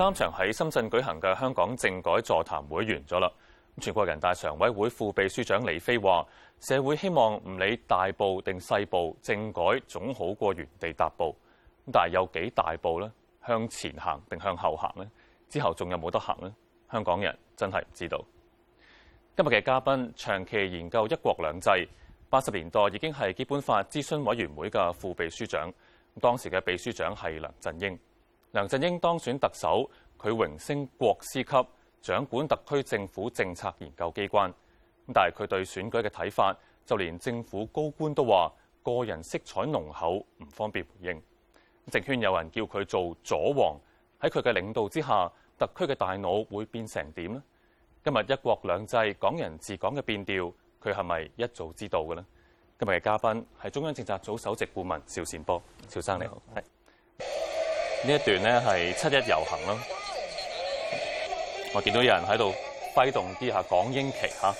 三場喺深圳舉行嘅香港政改座談會完咗啦。全國人大常委會副秘書長李飛話：社會希望唔理大步定細步，政改總好過原地踏步。但係有幾大步呢？向前行定向後行呢？之後仲有冇得行呢？香港人真係唔知道。今日嘅嘉賓長期研究一國兩制，八十年代已經係基本法諮詢委員會嘅副秘書長，當時嘅秘書長係梁振英。梁振英當選特首，佢榮升國師級，掌管特區政府政策研究機關。但係佢對選舉嘅睇法，就連政府高官都話個人色彩濃厚，唔方便回應。政圈有人叫佢做左王，喺佢嘅領導之下，特區嘅大腦會變成點呢？今日一國兩制，港人治港嘅變調，佢係咪一早知道嘅呢？今日嘅嘉賓係中央政策組首席顧問邵善波，邵生你好。呢一段咧係七一遊行咯，我見到有人喺度揮動啲下港英旗下，啊、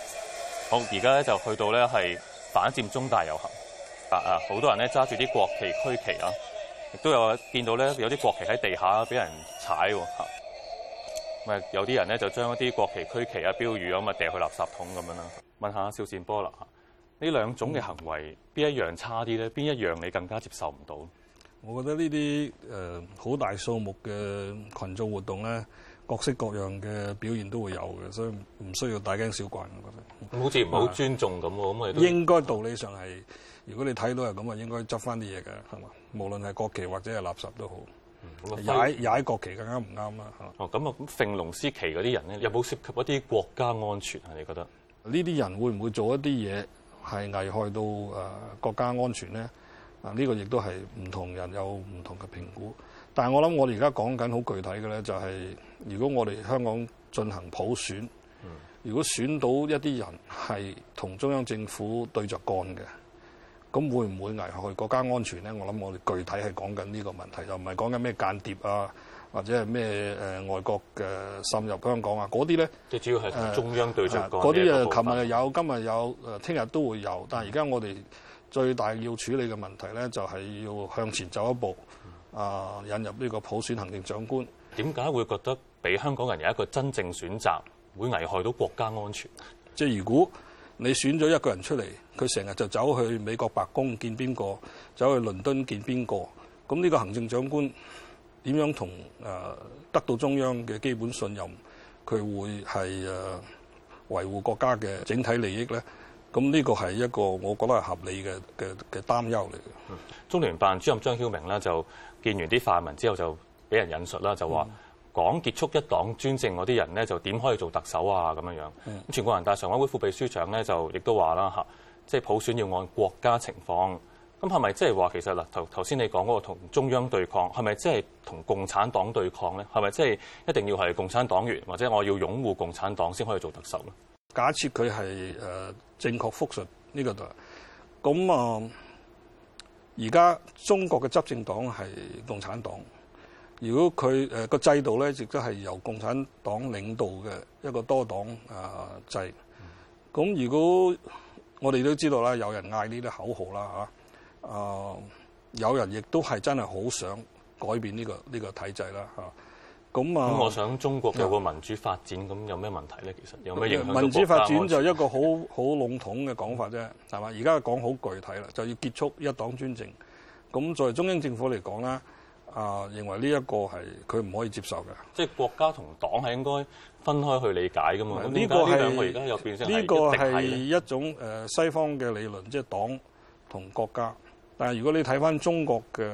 好而家咧就去到咧係反佔中大遊行。啊啊！好多人咧揸住啲國旗區旗啊。亦都有見到咧有啲國旗喺地下俾人踩喎咁，啊、有啲人咧就將一啲國旗區旗啊、標語咁啊掟去垃圾桶咁樣啦。問下少劍波啦，呢兩種嘅行為邊，嗯、一樣差啲咧？邊一樣你更加接受唔到？我覺得呢啲誒好大數目嘅群眾活動咧，各式各樣嘅表現都會有嘅，所以唔需要大驚小怪。我覺得好似唔好尊重咁喎，咁咪應該道理上係，如果你睇到係咁啊，應該執返啲嘢嘅，係嘛？無論係國旗或者係垃圾都好，踩踩、嗯、國旗嘅啱唔啱啊？哦，咁啊，咁、嗯、馴龍獅旗嗰啲人咧，有冇涉及一啲國家安全啊？你覺得呢啲人會唔會做一啲嘢係危害到誒、呃、國家安全咧？啊！呢個亦都係唔同人有唔同嘅評估，但係我諗我哋而家講緊好具體嘅咧、就係，就係如果我哋香港進行普選，如果選到一啲人係同中央政府對着幹嘅，咁會唔會危害國家安全咧？我諗我哋具體係講緊呢個問題，又唔係講緊咩間諜啊，或者係咩誒外國嘅滲入香港啊嗰啲咧？即係主要係中央對著幹嗰啲啊，琴日、呃、有，今日有，誒聽日都會有，但係而家我哋。最大要處理嘅問題呢，就係要向前走一步，啊，引入呢個普選行政長官。點解會覺得俾香港人有一個真正選擇，會危害到國家安全？即係如果你選咗一個人出嚟，佢成日就走去美國白宮見邊個，走去倫敦見邊個，咁呢個行政長官點樣同誒得到中央嘅基本信任？佢會係誒維護國家嘅整體利益呢？咁呢個係一個我覺得係合理嘅嘅嘅擔憂嚟嘅。中聯辦主任張曉明咧就見完啲泛民之後就俾人引述啦，就話講結束一黨專政嗰啲人咧就點可以做特首啊咁樣樣。咁全國人大常委會副秘書長咧就亦都話啦嚇，即係普選要按國家情況。咁係咪即係話其實嗱，頭頭先你講嗰個同中央對抗，係咪即係同共產黨對抗咧？係咪即係一定要係共產黨員或者我要擁護共產黨先可以做特首咧？假設佢係誒正確複述呢個度，咁啊，而家中國嘅執政黨係共產黨。如果佢誒個制度咧，亦都係由共產黨領導嘅一個多黨啊制。咁、嗯、如果我哋都知道啦，有人嗌呢啲口號啦吓，啊，有人亦都係真係好想改變呢個呢個體制啦吓。咁啊，我想中國有個民主發展，咁有咩問題咧？其實有咩影響？民主發展就一個好好籠統嘅講法啫，係嘛？而家講好具體啦，就要結束一黨專政。咁作為中央政府嚟講咧，啊、呃、認為呢一個係佢唔可以接受嘅。即係國家同黨係應該分開去理解噶嘛？呢是個呢而家又變成係一,一種誒西方嘅理論，即、就、係、是、黨同國家。但係如果你睇翻中國嘅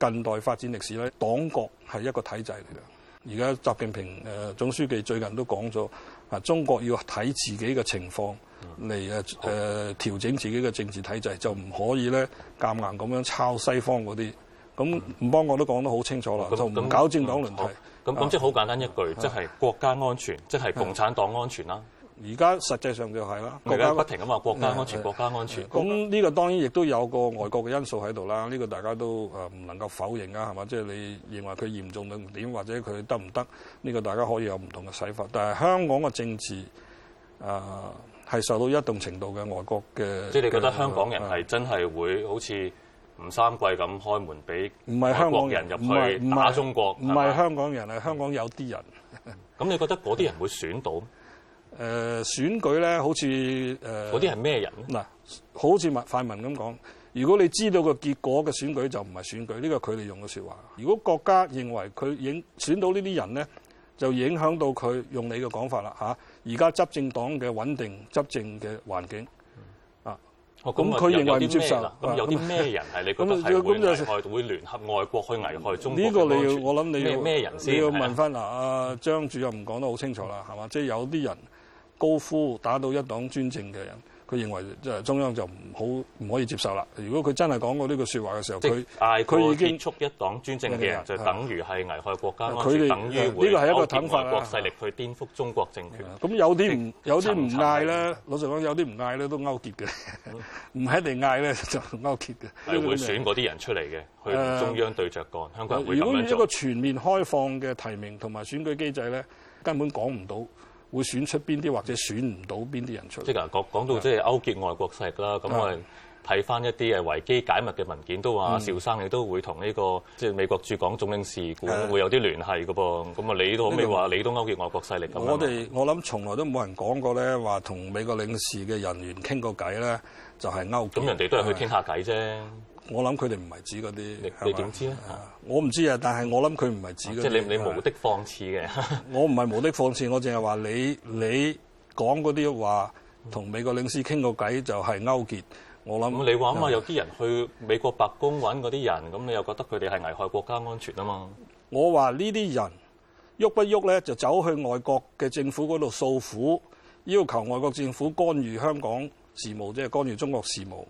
近代發展歷史咧，黨國係一個體制嚟嘅。而家習近平誒總書記最近都講咗，啊中國要睇自己嘅情況嚟誒誒調整自己嘅政治體制，就唔可以咧夾硬咁樣抄西方嗰啲。咁吳邦國都講得好清楚啦，就唔搞政黨輪替。咁咁即係好簡單一句，即係是國家安全，即係是共產黨安全啦。而家實際上就係啦，國家不停咁話國家安全、國家安全。咁呢個當然亦都有個外國嘅因素喺度啦。呢個大家都誒唔能夠否認啊，係嘛？即係你認為佢嚴重到點，或者佢得唔得？呢個大家可以有唔同嘅睇法。但係香港嘅政治誒係受到一定程度嘅外國嘅，即係你覺得香港人係真係會好似吳三桂咁開門俾唔係香港人入去打中國？唔係香港人係香港有啲人。咁你覺得嗰啲人會選到？誒、呃、選舉咧，好似誒嗰啲係咩人嗱，好似民泛民咁講，如果你知道個結果嘅選舉就唔係選舉，呢個係佢哋用嘅説話。如果國家認為佢影選到呢啲人咧，就影響到佢用你嘅講法啦嚇。而、啊、家執政黨嘅穩定執政嘅環境，嗯、啊，咁佢認為接受咁有啲咩人係你覺得係會、嗯、會聯合外國去危害中國？呢個你要我諗你要咩人先你要問翻嗱，阿、啊啊、張主任講得好清楚啦，係嘛？即、就、係、是、有啲人。高呼打倒一黨專政嘅人，佢認為即係中央就唔好唔可以接受啦。如果佢真係講過呢句説話嘅時候，佢佢已經促一黨專政嘅人，就等於係危害國家，佢等於呢個係一個勾結外國勢力去顛覆中國政權啊！咁有啲唔有啲唔嗌咧，老實講有啲唔嗌咧都勾結嘅，唔一定嗌咧就勾結嘅。係會選嗰啲人出嚟嘅，去中央對着幹，香港人會咁樣做。如果呢一個全面開放嘅提名同埋選舉機制咧，根本講唔到。會選出邊啲，或者選唔到邊啲人出嚟。即係講講到即係勾結外國勢力啦。咁的我哋睇翻一啲誒維基解密嘅文件都說，都話邵生你都會同呢、這個即係美國駐港總領事館會有啲聯繫㗎噃。咁啊的，那你都未話你，你都勾結外國勢力，咁我哋們我諗從來都冇人講過咧，話同美國領事嘅人員傾過偈咧，就係、是、勾。咁、嗯、人哋都係去傾下偈啫。我諗佢哋唔係指嗰啲，你你點知咧？我唔知啊，但係我諗佢唔係指嗰啲。即係你你無的放矢嘅。 我唔係無的放矢，我淨係話你你講嗰啲話，同美國領事傾個偈就係、是、勾結。我諗、嗯。你話啊嘛？吧有啲人去美國白宮揾嗰啲人，咁你又覺得佢哋係危害國家安全啊嘛？我話呢啲人喐不喐咧，就走去外國嘅政府嗰度訴苦，要求外國政府干預香港事務，即係干預中國事務。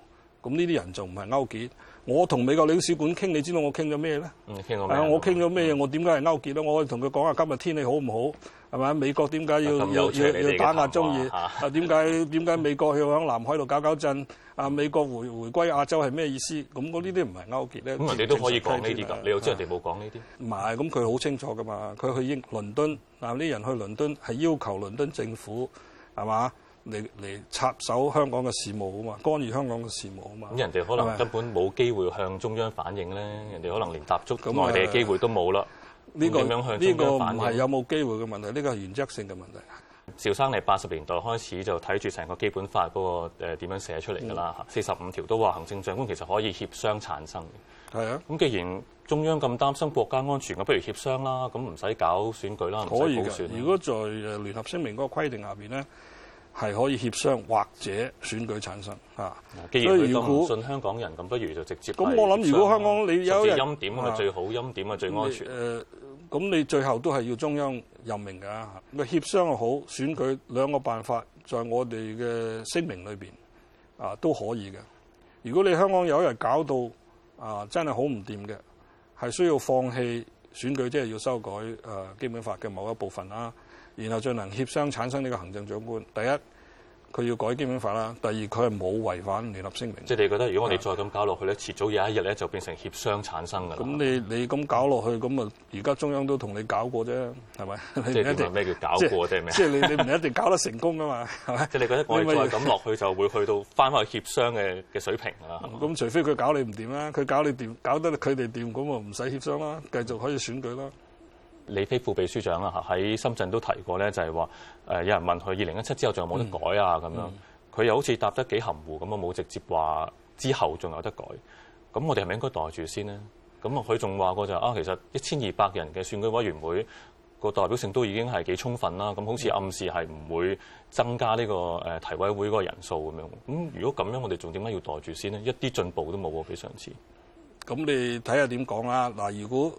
咁呢啲人就唔係勾結？我同美國領事館傾，你知道我傾咗咩咧？嗯，傾我明。我傾咗咩？我點解係勾結咧？我同佢講下今日天氣好唔好？係咪？美國點解要要要，要打壓中越？啊，點解點解美國要響南海度搞搞震？啊，美國回回歸亞洲係咩意思？咁我呢啲唔係勾結咧。咁你都可以講呢啲㗎，你又知人哋冇講呢啲？唔係、啊，咁佢好清楚㗎嘛？佢去英倫敦，嗱、嗯、呢人去倫敦係要求倫敦政府係嘛？嚟嚟插手香港嘅事務啊嘛，干預香港嘅事務啊嘛。咁人哋可能根本冇機會向中央反映咧，是是人哋可能連踏足咁內地嘅機會都冇啦。呢、這個呢個唔係有冇機會嘅問題，呢、這個係原則性嘅問題。邵生嚟八十年代開始就睇住成個基本法嗰、那個誒點、呃、樣寫出嚟㗎啦。四十五條都話行政長官其實可以協商產生嘅。係啊。咁既然中央咁擔心國家安全，咁不如協商啦，咁唔使搞選舉啦，唔使補選。如果在聯合聲明嗰個規定下邊咧？係可以協商或者選舉產生嚇、啊。既然佢唔信香港人，咁不如就直接。咁我諗，如果香港你有一日，音點啊最好，啊音點啊最安全。誒，咁、呃、你最後都係要中央任命㗎。咪協商又好，選舉兩個辦法，在我哋嘅聲明裏面啊都可以嘅。如果你香港有一日搞到啊真係好唔掂嘅，係需要放棄選舉，即係要修改、啊、基本法嘅某一部分啦。啊然後進行協商產生呢個行政長官。第一，佢要改基本法啦；第二，佢係冇違反聯合聲明。即係你覺得，如果我哋再咁搞落去咧，遲是的 早有一日咧就變成協商產生㗎啦。咁你你咁搞落去，咁啊，而家中央都同你搞過啫，係咪？即係叫咩叫搞過？即係咩？即係你你唔一定搞得成功㗎嘛，係咪？即係你覺得我再咁落去， 就會去到翻返去協商嘅嘅水平啦。咁除非佢搞你唔掂啦，佢搞你掂，搞得佢哋掂，咁我唔使協商啦，繼續可以選舉啦。李飛副秘書長啦，喺深圳都提過咧，就係話誒有人問佢，二零一七之後仲有冇得改啊咁樣，佢、嗯、又好似答得幾含糊咁啊，冇直接話之後仲有得改。咁我哋係咪應該袋住先咧？咁啊，佢仲話過就係、啊，其實一千二百人嘅選舉委員會個代表性都已經係幾充分啦。咁好似暗示係唔會增加呢、呢個誒提、呃、委會嗰個人數咁樣。咁如果咁樣，我哋仲點解要袋住先呢？一啲進步都冇比上次。咁你睇下點講啦？嗱，如果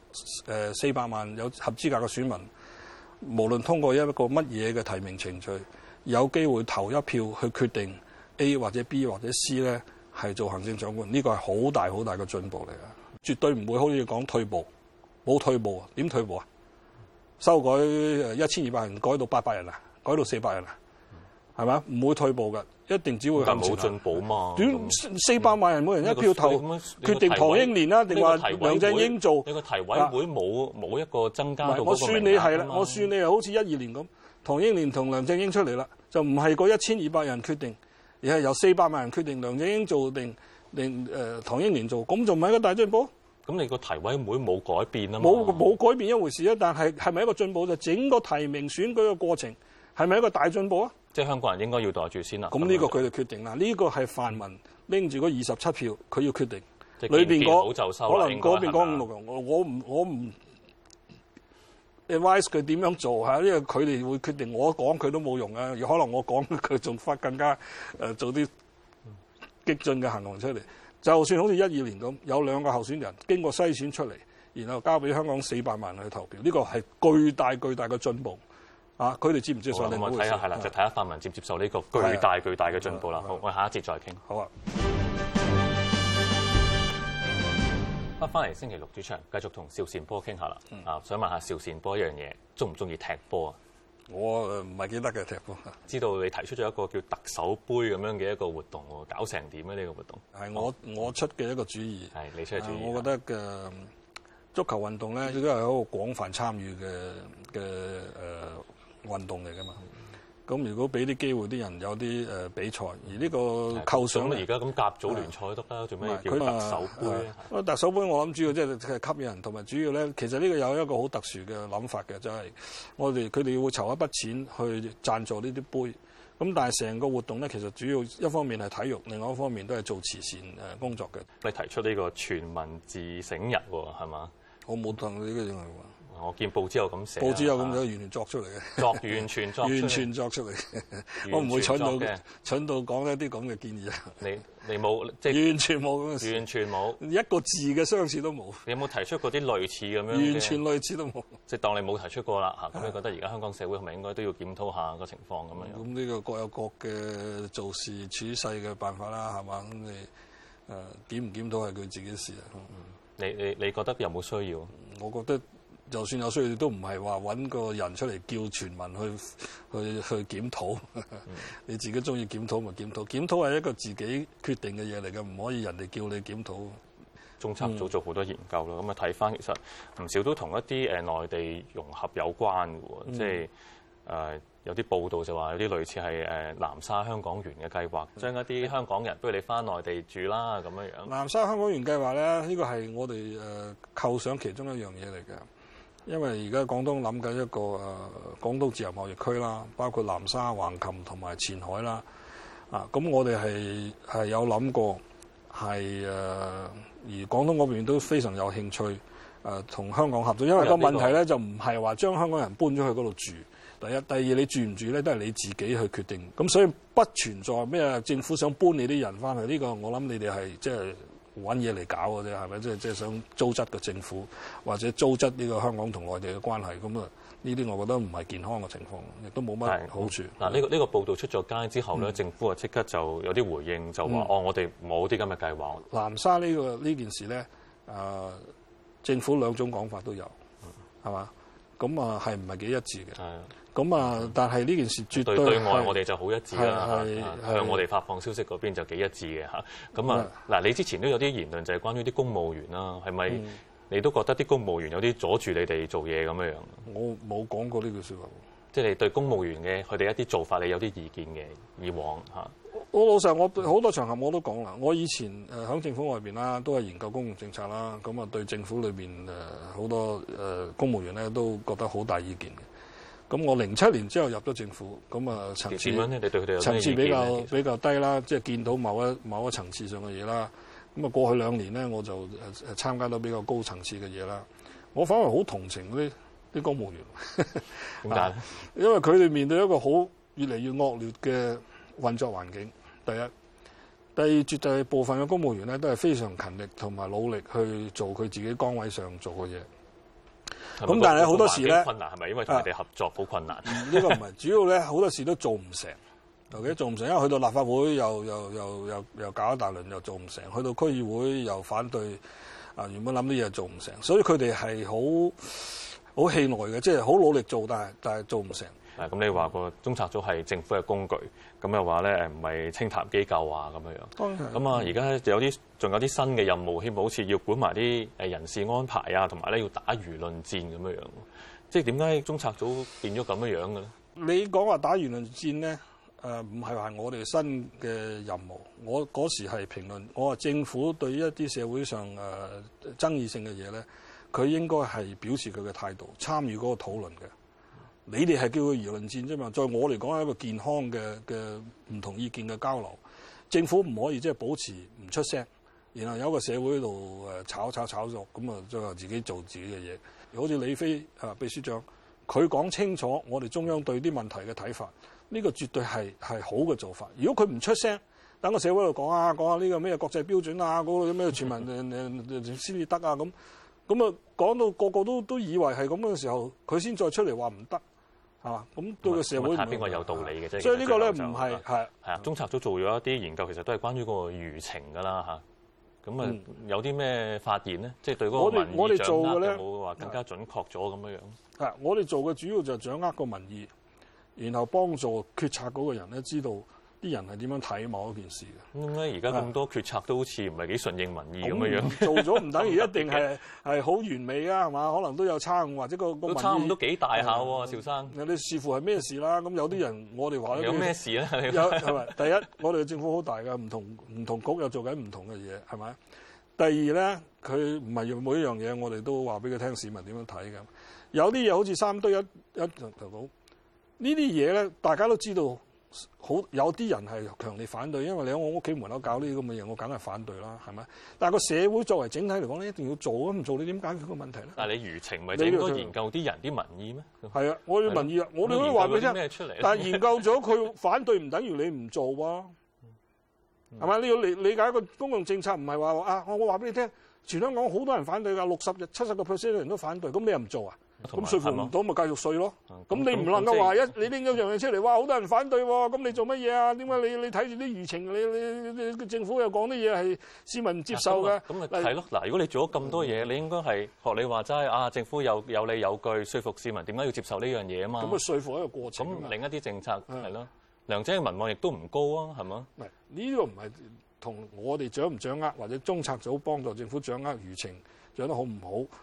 誒四百萬有合資格嘅選民，無論通過一個乜嘢嘅提名程序，有機會投一票去決定 A 或者 B 或者 C 咧，係做行政長官，呢、這個係好大好大嘅進步嚟㗎，絕對唔會好似講退步，冇退步啊？點退步啊？修改一千二百人改到八百人啊？改到四百人啊？改到400人係嘛？唔會退步㗎，一定只會向前進步嘛。短么四百萬人每人一票投決定唐英年啦，定話的梁振英做？你個提委會冇冇吧一個增加到嗰個名額啊？我算你係啦，吧我算你係好似一二年咁，唐英年同梁振英出嚟啦，就唔係嗰一千二百人決定，而係由四百萬人決定梁振英做定定誒唐英年做，咁就唔係一個大進步。咁你個提委會冇改變啊？冇冇改變，一回事啫，但係係咪一個進步？就整個提名選舉嘅過程係咪一個大進步啊？即係香港人應該要袋住先啦。咁呢個佢哋決定啦，呢、這個係泛民拎住嗰二十七票，佢要決定。裏邊嗰可能嗰邊嗰五六個，我唔我唔 advise 佢點樣做，呢個佢哋會決定。我講佢都冇用啊，而可能我講佢仲發更加、呃、做啲激進嘅行動出嚟。就算好似一二年咁，有兩個候選人經過篩選出嚟，然後交俾香港四百萬去投票，呢、這個係巨大巨大嘅進步。啊！佢哋知唔知？受呢？我睇下，係啦，就睇下泛民接唔接受呢個巨大巨大嘅進步啦。好，我哋下一節再傾。好的啊。啊翻嚟星期六主場，繼續同邵善波傾下啦。啊、嗯，想問下邵善波一樣嘢，鍾唔鍾意踢波啊？我唔係、呃、記得嘅踢波。知道你提出咗一個叫特首杯咁樣嘅一個活動喎，搞成點咧？呢、呢個活動係我、哦、我出嘅一個主意。係你出嘅主意。我覺得嘅、呃、足球運動咧，亦都係一個廣泛參與嘅嘅誒。運動嚟噶嘛。咁如果俾啲機會啲人有啲誒比賽，而呢個構想，而家咁甲組聯賽得啦。嗯、做咩叫特首杯？呢特首杯我諗主要即係吸引人，同埋主要咧，其實呢個有一個好特殊嘅諗法嘅，就係、是、我哋佢哋會籌一筆錢去贊助呢啲杯。咁但係成個活動咧，其實主要一方面係體育，另外一方面都係做慈善誒工作嘅。你提出呢個全民自醒日喎、哦，係嘛？我冇聽呢個嘢喎。我見報之後咁寫，報之後咁樣完全作出嚟嘅，作完全作，完全作出嚟。我唔會蠢到嘅蠢到講一啲咁嘅建議啊！你你冇即係完全冇咁嘅事，完全冇一個字嘅相似都冇。你有冇提出過啲類似咁樣？完全類似都冇，即係當你冇提出過啦。嚇！咁你覺得而家香港社會係咪應該都要檢討下個情況咁樣？咁呢個各有各嘅做事處世嘅辦法啦，係嘛？咁你誒檢唔檢討係佢自己事啊？你你你覺得有冇需要？我覺得。就算有需要，都唔係話揾個人出嚟叫全民去去去檢討。嗯、你自己中意檢討咪檢討，檢討係一個自己決定嘅嘢嚟嘅，唔可以人哋叫你檢討。中策組做好多研究啦，咁啊睇翻其實唔少都同一啲誒內地融合有關喎，嗯、即係誒有啲報道就話有啲類似係誒南沙香港園嘅計劃，嗯、將一啲香港人不如你翻內地住啦咁樣樣。南沙香港園計劃咧，呢個係我哋誒構想其中一樣嘢嚟嘅。因為而家廣東諗緊一個誒廣東自由貿易區啦，包括南沙、橫琴同埋前海啦。啊，咁我哋係係有諗過，係誒，而廣東嗰邊都非常有興趣誒，同香港合作。因為個問題咧，就唔係話將香港人搬咗去嗰度住。第一，第二，你住唔住咧，都係你自己去決定。咁所以不存在咩政府想搬你啲人翻去呢個。我諗你哋係即係。揾嘢嚟搞嘅啫，係咪？即係即係想租質嘅政府，或者租質呢個香港同內地嘅關係，咁啊呢啲我覺得唔係健康嘅情況，亦都冇乜好處。嗱，呢個呢個報道出咗街之後咧，嗯、政府啊即刻就有啲回應，就話、嗯、哦，我哋冇啲咁嘅計劃。南、嗯、沙呢個呢件事咧、呃，政府兩種講法都有，係嘛？咁啊係唔係幾一致嘅？咁啊！但係呢件事絕對對,對外，我哋就好一致啦。向我哋發放消息嗰邊就幾一致嘅吓，咁啊是，嗱，你之前都有啲言論就係關於啲公務員啦，係咪你都覺得啲公務員有啲阻住你哋做嘢咁樣樣？我冇講過呢句説話喎。即係你對公務員嘅佢哋一啲做法，你有啲意見嘅以往嚇。我老實說，我好多場合我都講啦。我以前誒喺政府外邊啦，都係研究公共政策啦。咁啊，對政府裏邊誒好多誒公務員咧，都覺得好大意見嘅。咁我零七年之後入咗政府，咁啊層次，層次比較比較低啦，即係見到某一某一層次上嘅嘢啦。咁啊過去兩年咧，我就誒參加到比較高層次嘅嘢啦。我反而好同情嗰啲啲公務員，點解？ 因為佢哋面對一個好越嚟越惡劣嘅運作環境。第一，第二絕大部分嘅公務員咧都係非常勤力同埋努力去做佢自己崗位上做嘅嘢。咁但係好多時咧，困難係咪？因為同佢哋合作好困難。啊，呢個唔係主要咧，好多時都做唔成。尤其做唔成，因為去到立法會又又又又又搞一大輪，又做唔成；去到區議會又反對。啊，原本諗啲嘢又做唔成，所以佢哋係好好氣餒嘅，即係好努力做，但係但係做唔成。誒咁你話個中策組係政府嘅工具，咁又話咧唔係清談機構啊咁樣樣。當然。咁啊，而家就有啲仲有啲新嘅任務，好似要管埋啲誒人事安排啊，同埋咧要打輿論戰咁樣樣。即係點解中策組變咗咁樣樣嘅咧？你講話打輿論戰咧，誒唔係話我哋新嘅任務。我嗰時係評論，我話政府對於一啲社會上誒爭議性嘅嘢咧，佢應該係表示佢嘅態度，參與嗰個討論嘅。你哋係叫佢輿論戰啫嘛，在我嚟講係一個健康嘅嘅唔同意見嘅交流。政府唔可以即係保持唔出聲，然後有個社會度炒炒炒作，咁啊再自己做自己嘅嘢。好似李飛啊，秘書長，佢講清楚我哋中央對啲問題嘅睇法，呢個絕對係係好嘅做法。如果佢唔出聲，等個社會度講啊講下，呢個咩國際標準啊，嗰個咩全民先至得啊咁。咁啊講到個個都都以為係咁嘅時候，佢先再出嚟話唔得。啊！咁，嗯、對個社會邊個有道理嘅啫。所以呢個咧唔係係係啊，中策組做咗一啲研究，其實都係關於個輿情噶啦嚇。咁啊的，的有啲咩發現咧？即係們對嗰個我哋做嘅有冇話更加準確咗咁樣樣？啊！我哋做嘅主要就掌握個民意，然後幫助決策嗰個人咧知道。啲人係點樣睇某一件事嘅？咁咧，而家咁多決策都好似唔係幾順應民意咁嘅樣。做咗唔等於一定係係好完美㗎，係嘛？可能都有差誤，或者個個民意都幾大下喎，邵生、啊啊啊。你視乎係咩事啦？咁有啲人我哋話有咩事咧、啊？有係第一，我哋政府好大㗎，唔同唔同局又做緊唔同嘅嘢，係咪？第二咧，佢唔係用每一樣嘢，我哋都話俾佢聽市民點樣睇嘅。有啲嘢好似三堆一一樣嘅呢啲嘢咧，大家都知道。好，有啲人係強烈反對，因為你喺我屋企門口搞呢啲咁嘅嘢，我梗係反對啦，係咪？但係個社會作為整體嚟講，咧一定要做，唔做你點解決個問題咧？但係你輿情咪應該研究啲人啲民意咩？係啊，我要民意啊，的我哋可以話俾你聽。但係研究咗佢反對，唔等於你唔做啊？係咪？你要理理解個公共政策，唔係話啊！我我話俾你聽，全香港好多人反對㗎，六十日七十個 percent 嘅人都反對，咁你又唔做啊？咁説服唔到，咪繼續説咯。咁、嗯嗯、你唔能夠話、嗯、一你拎咗樣嘢出嚟，哇！好多人反對，咁你做乜嘢啊？點解你你睇住啲輿情，你你，你政府又講啲嘢係市民唔接受嘅？咁咪係咯，嗱，如果你做咗咁多嘢，你應該係學你話齋啊，政府有有理有據説服市民點解要接受呢樣嘢啊嘛。咁咪説服一個過程。咁另一啲政策係咯的、嗯，梁姐嘅民望亦都唔高啊，係嘛？唔呢個唔係同我哋掌唔掌握，或者中策組幫助政府掌握輿情掌握得好唔好？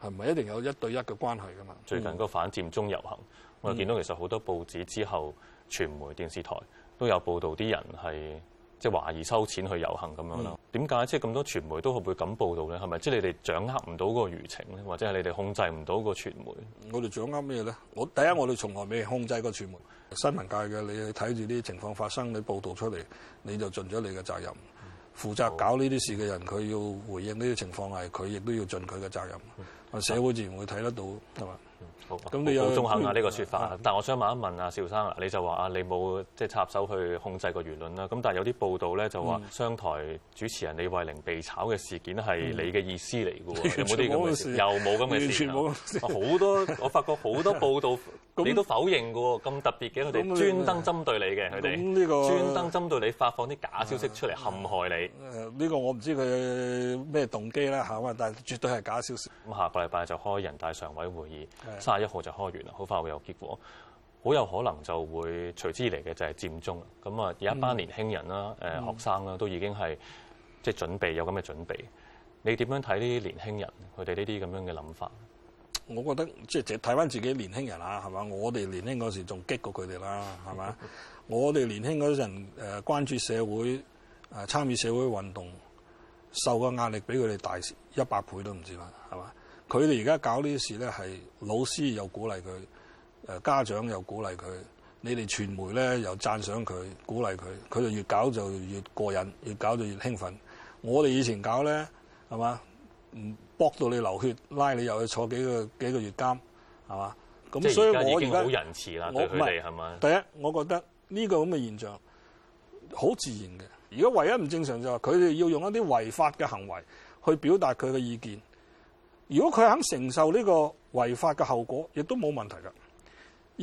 係唔係一定有一對一嘅關係㗎嘛？最近嗰個反佔中遊行，嗯、我見到其實好多報紙之後，傳媒、電視台都有報導啲人係即係懷疑收錢去遊行咁樣咯。點解即係咁多傳媒都會咁報導咧？係咪即係你哋掌握唔到嗰個輿情咧，或者係你哋控制唔到個傳媒？我哋掌握咩咧？我第一，我哋從來未控制過傳媒新聞界嘅。你睇住啲情況發生，你報導出嚟，你就盡咗你嘅責任。嗯、負責搞呢啲事嘅人，佢要回應呢啲情況係佢亦都要盡佢嘅責任。嗯社會自然會睇得到，係嘛？你好。好中肯呢個說法。但係我想問一問阿邵生啊，你就話啊，你冇即係插手去控制個輿論啦。咁但係有啲報道咧就話商台主持人李慧玲被炒嘅事件係你嘅意思嚟㗎喎，有冇啲咁嘅事？又冇咁嘅事。完全冇。好多我發覺好多報道，你都否認㗎喎。咁特別嘅佢哋專登針對你嘅佢哋，專登針對你發放啲假消息出嚟陷害你。誒呢個我唔知佢咩動機啦嚇嘛，但係絕對係假消息。咁嚇。禮拜就開人大常委會議，三十一號就開完啦。好快會有結果，好有可能就會隨之而嚟嘅就係佔中。咁啊，有一班年輕人啦，誒、嗯、學生啦，都已經係即係準備有咁嘅準備。你點樣睇呢啲年輕人佢哋呢啲咁樣嘅諗法？我覺得即係睇返自己年輕人嚇，係嘛？我哋年輕嗰時仲激過佢哋啦係嘛？ 我哋年輕嗰陣誒關注社會誒、呃、參與社會運動，受嘅壓力比佢哋大一百倍都唔止啦係嘛？佢哋而家搞呢啲事咧，係老師又鼓勵佢，誒家長又鼓勵佢，你哋傳媒咧又讚賞佢、鼓勵佢，佢就越搞就越過癮，越搞就越興奮。我哋以前搞咧，係嘛，唔搏到你流血，拉你又去坐幾個幾個月監，係嘛？咁所以，我而家好仁慈啦，對佢哋係嘛？第一，我覺得呢個咁嘅現象好自然嘅。如果唯一唔正常就係佢哋要用一啲違法嘅行為去表達佢嘅意見。如果佢肯承受呢個違法嘅後果，亦都冇問題㗎。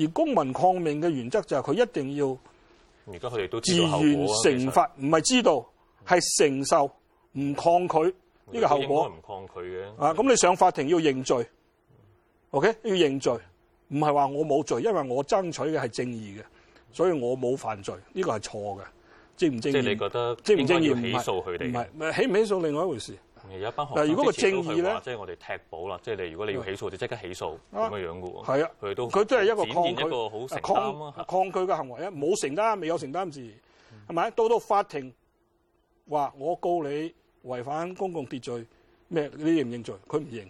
而公民抗命嘅原則就係、是、佢一定要，而家佢哋都自願承罰，唔係知道係承受，唔抗拒呢個後果。應該唔抗拒嘅。啊，咁你上法庭要認罪、嗯，OK，要認罪，唔係話我冇罪，因為我爭取嘅係正義嘅，所以我冇犯罪，呢、這個係錯嘅，正唔正？即係你覺得，應該要起訴佢哋，唔係唔係，起唔起訴另外一回事。嗱，有一學如果個正義咧，即係我哋踢保啦。即係你，如果你要起訴，就即刻起訴咁嘅樣嘅喎。係啊，佢、啊、都佢真係一個抗拒，抗拒抗拒嘅行為啊，冇承擔，未有承擔事。係咪、嗯？到到法庭話我告你違反公共秩序咩？你認唔認罪？佢唔認。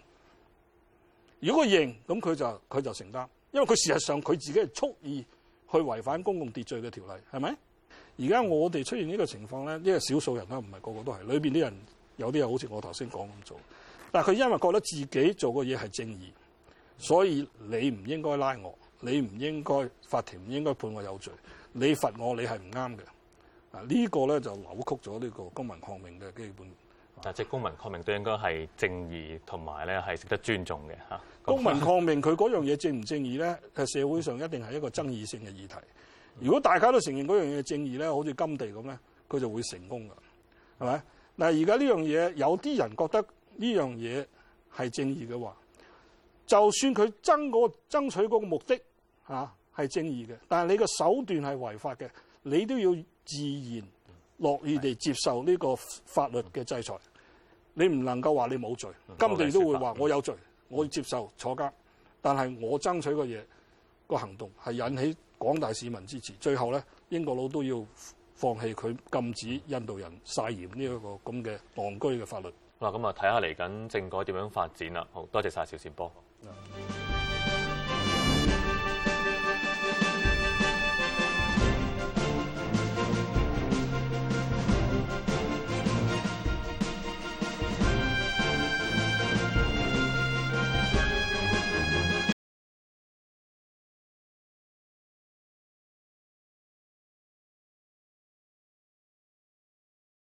如果佢認咁，佢就佢就承擔，因為佢事實上佢自己係蓄意去違反公共秩序嘅條例，係咪？而家我哋出現呢個情況咧，因為少數人啦，唔係個個都係裏邊啲人。有啲係好似我頭先講咁做，但係佢因為覺得自己做嘅嘢係正義，所以你唔應該拉我，你唔應該法庭唔應該判我有罪，你罰我你係唔啱嘅。啊，呢個咧就扭曲咗呢個公民抗命嘅基本。但係，即係公民抗命都應該係正義，同埋咧係值得尊重嘅嚇。公民抗命佢嗰 樣嘢正唔正義咧？係社會上一定係一個爭議性嘅議題。如果大家都承認嗰樣嘢正義咧，好似甘地咁咧，佢就會成功㗎，係咪？嗱，而家呢樣嘢有啲人覺得呢樣嘢係正義嘅話，就算佢爭嗰個爭取個目的吓，係、啊、正義嘅，但係你嘅手段係違法嘅，你都要自然樂意地接受呢個法律嘅制裁。的你唔能夠話，你冇罪，的甘地都會話，我有罪，我要接受坐監，但係我爭取嘅嘢個行動，係引起廣大市民支持，最後咧英國佬都要。放棄佢禁止印度人曬鹽呢一個咁嘅戇居嘅法律。嗱，咁啊睇下嚟緊政改點樣發展啦。好多謝晒邵善波。嗯